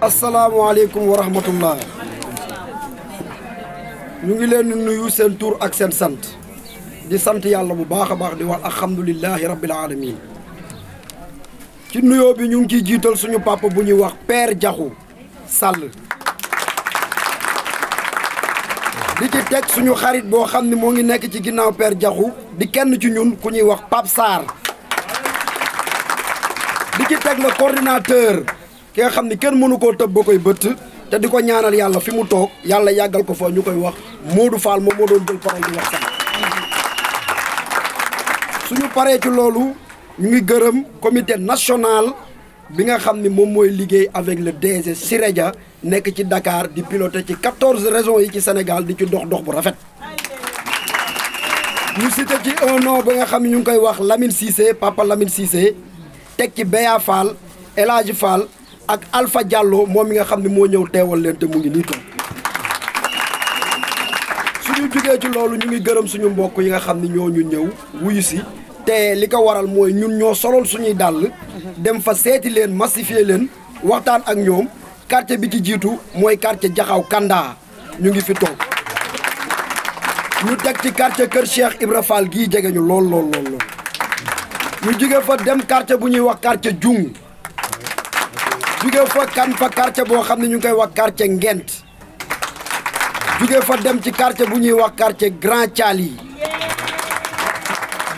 asalaamualeykum wa rahmatullah ñu ngi leen nuyu seen tuur ak seen sant di sant yàlla bu baax a baax di wax alhamdulilahi rabbil alamin ci nuyoo bi ñu ngi ciy jiital suñu papa bu ñuy wax Père Diakhou sàll di ci teg suñu xarit boo xam ne moo ngi nekk ci ginnaaw Père jaxu di kenn ci ñun ku ñuy wax Pape Sarr di ci teg na coordinateur ki nga xamni kenn mënu ko tebb bokoy beut te diko ñaanal yalla fi mu tok yalla yagal ko fo ñukoy wax Modou Fall mo modon jël paray di wax sama suñu paré ci lolu ñu ngi gëreum comité national bi nga xamni mom moy liggéey avec le DG Siré nek ci Dakar di piloter ci 14 régions yi ci Sénégal di ci dox dox bu rafet ñu cité ci un nom ba nga xam ñu ngi koy wax Lamine Cissé Papa Lamine Cissé tek ci Béya Fall Eladji Fall ak Alpha Diallo moom mi nga xamni mo ñew ñëw teewal leen te mu ngi nii toog suñu jógee ci lolu ñu ngi gëreem suñu mbokk yi nga xamni ñoo ñu ñew wuyu ci te liko waral moy ñun ñoo solol suñuy dal dem fa séti leen massifier leen waxtaan ak ñoom quartier bi ci jitu moy quartier Jaxaw Kanda ñu ngi fi tok ñu tek ci quartier keur Cheikh Ibra Fall gi jégué ñu lool lool lool ñu jóge fa dem quartier bu ñuy wax quartier djung jugé fa kan fa quartier bo xamni ñu ngi koy wax quartier Ngent jugé fa dem ci quartier bu ñuy wax quartier Grand tiali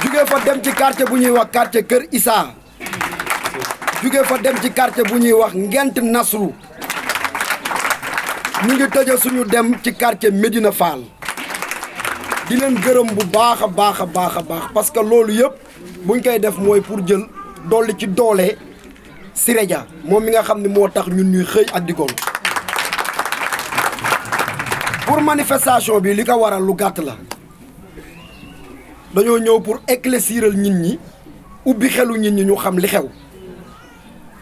jugé fa dem ci quartier bu ñuy wax quartier keur isa jugé fa dem ci quartier bu ñuy wax Ngent Nasru ñu ngi tëje suñu dem ci quartier medina Fall di len gërëm bu baaxa baaxa baaxa baax parce que loolu yëpp buñ koy def moy pour jël dolli ci doole Sireja, Dia mi nga xamni mo tax ñun ñuy xey ak di gont pour manifestation bi li ko waral lu gatt la dañu ñew pour éclairciral nit ñi ubbi xelu nit ñi ñu xam li xew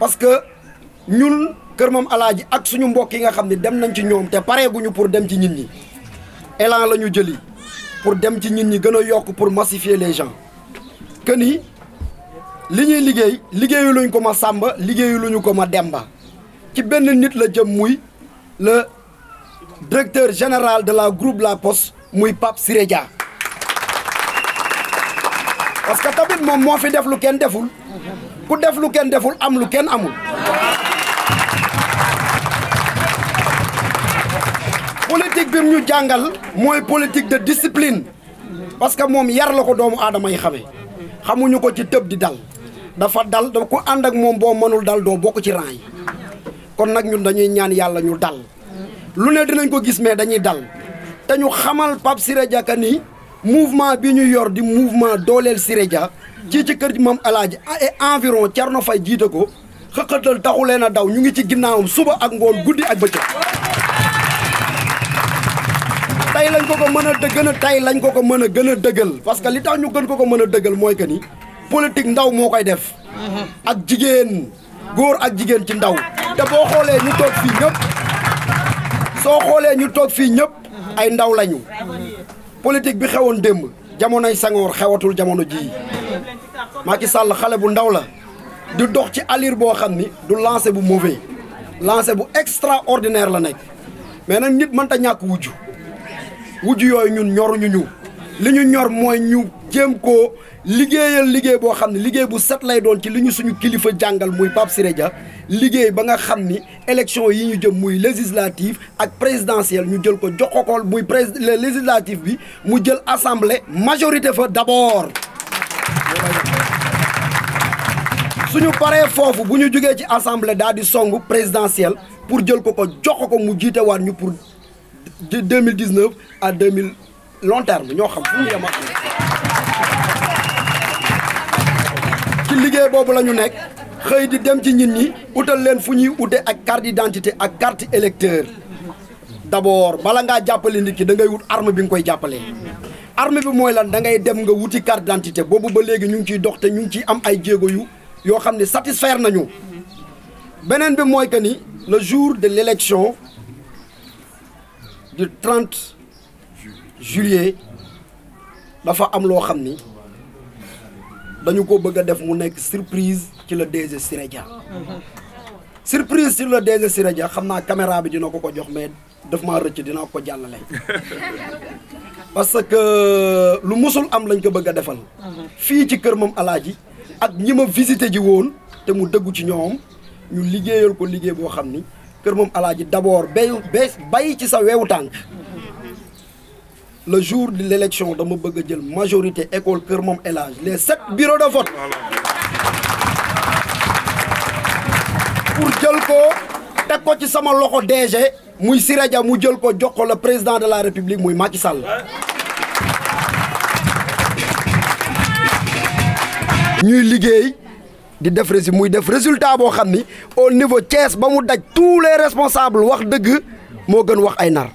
parce que ñun kër mom alaaji ak suñu mbokk yi nga xamni dem nañ ci ñoom paré guñu pour dem ci nit ñi élan lañu jëli pour dem ci nit ñi gëna a pour massifier les gens que ni li ñuy liggéey liggéeyu luñ ko ma sàmba liggéeyu luñu ko ma demba ci benn nit la jëm muy le directeur général de la groupe La pos muy Pape Siré Dia parce que tamit moom moo fi def lu kenn deful ku def lu kenn deful am lu kenn amul politique bi ñu jàngal mooy politique de discipline parce que moom yar la ko doomu aadama yi xamee xamuñu ko ci tëb di dal dafa dal dafa ko ànd ak moom boo mënul dal doo bokk ci rang yi kon nag ñun dañuy ñaan yàlla ñu dal lu ne dinañ ko gis mais dañuy dal te ñu xamal Pape sire Dia ka ni mouvement bi ñu yor di mouvement dooleel sire Dia ci ci kër ji moom alaaji et environ Thierno Faye jiite ko xëqatal taxu leen a daw ñu ngi ci ginnaawam suba ak ngoon guddi ak bëccëg tey lañ ko ko mën a gën a tey lañ ko ko mën a gën a dëggal parce que li tax ñu gën ko ko mën a dëggal mooy que ni politique ndaw mo koy def mhm. ak jigen gor ak jigen ci ndaw da bo xoolee ñu tok fi ñep so xoolee ñu tok fi ñep mhm. ay ndaw lañu politique bi xewon démb jamono sangor xewatul jamono ji Macky Sall xale bu ndaw la du dox ci allure bo xamni du lancer bu mauvais lancer bu extraordinaire la nek mais nak nit ta ñak wuju wuju yoy ñun ñoru ñu li ñu ñor moy ñu jéem ko liggéeyal liggéey boo xam ne liggéey bu set lay doon ci li ñu suñu kilifa jàngal muy Pape Siré liggéey ba nga xam ni élection yi ñu jëm muy législative ak présidentiel ñu jël ko jox muy prési législative bi mu jël assemblée majorité fa d'abord. suñu paree foofu bu ñu jógee ci assemblée daal di song pour jël ko ko jox ko mu jiite waat ñu pour 2019 à deux long terme ñoo xam fu ñu yem liggéey bobu lañu nek xey di dem ci nit ñi outal leen fu ñuy ude ak carte d'identité ak carte électeur d'abord bala nga jappalé nit ki da ngay wut arme bi nga koy jàppalee. arme bi moy lan da ngay dem nga wuti carte d'identité bobu ba légui ñu ngi ciy dox té ñu ngi ciy am ay djégo yu yo xamné satisfaire nañu benen bi moy que ni le jour de l'élection du 30 juillet dafa am lo xam dañu ko bëgg def mu nekk surprise ci le DG Siré surprise ci le DG Siré Dia xam naa caméra bi dina ko ko jox mais daf maa rëcc dina ko jàllale parce que lu musul am lañ ko bëgg a defal mhm. fii ci kër moom alaaji ak ñi ma visité ji woon te mu dëggu ci ñoom ñu liggéeyal ko liggéey boo xam ni kër moom alaaji d'abord bay bay ci sa weewu tànk le jour de l'élection dama bëgg jël majorité école cœur mom El les sept bureaux de vote pour jël ko teg ko ci sama loxo DG muy Siré mu jël ko jox ko le président de la République muy Macky Sall ñuy liggéey di def rési muy def résultat bo xamni au niveau Thiès ba mu daj tous les responsables wax deug mo gën wax ay nar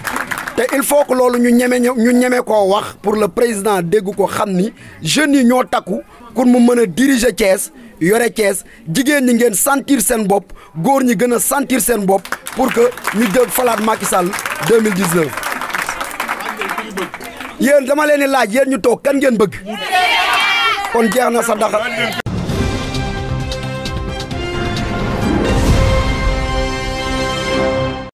te il faut que lolu ñu ñëmé ñu ñëmé ko wax pour le président dégg ko xamni jeune jeunes ñoo takku kon mu mën diriger Thiès yoré Thiès jigéen ñi ngeen sentir sen bop goor ñi gëna sentir sen bop pour que ñu jël falaat Macky Sall 2019. yeen dama leni laaj yeen ñu tok kan ngeen bëgg. kon jeex sa daxa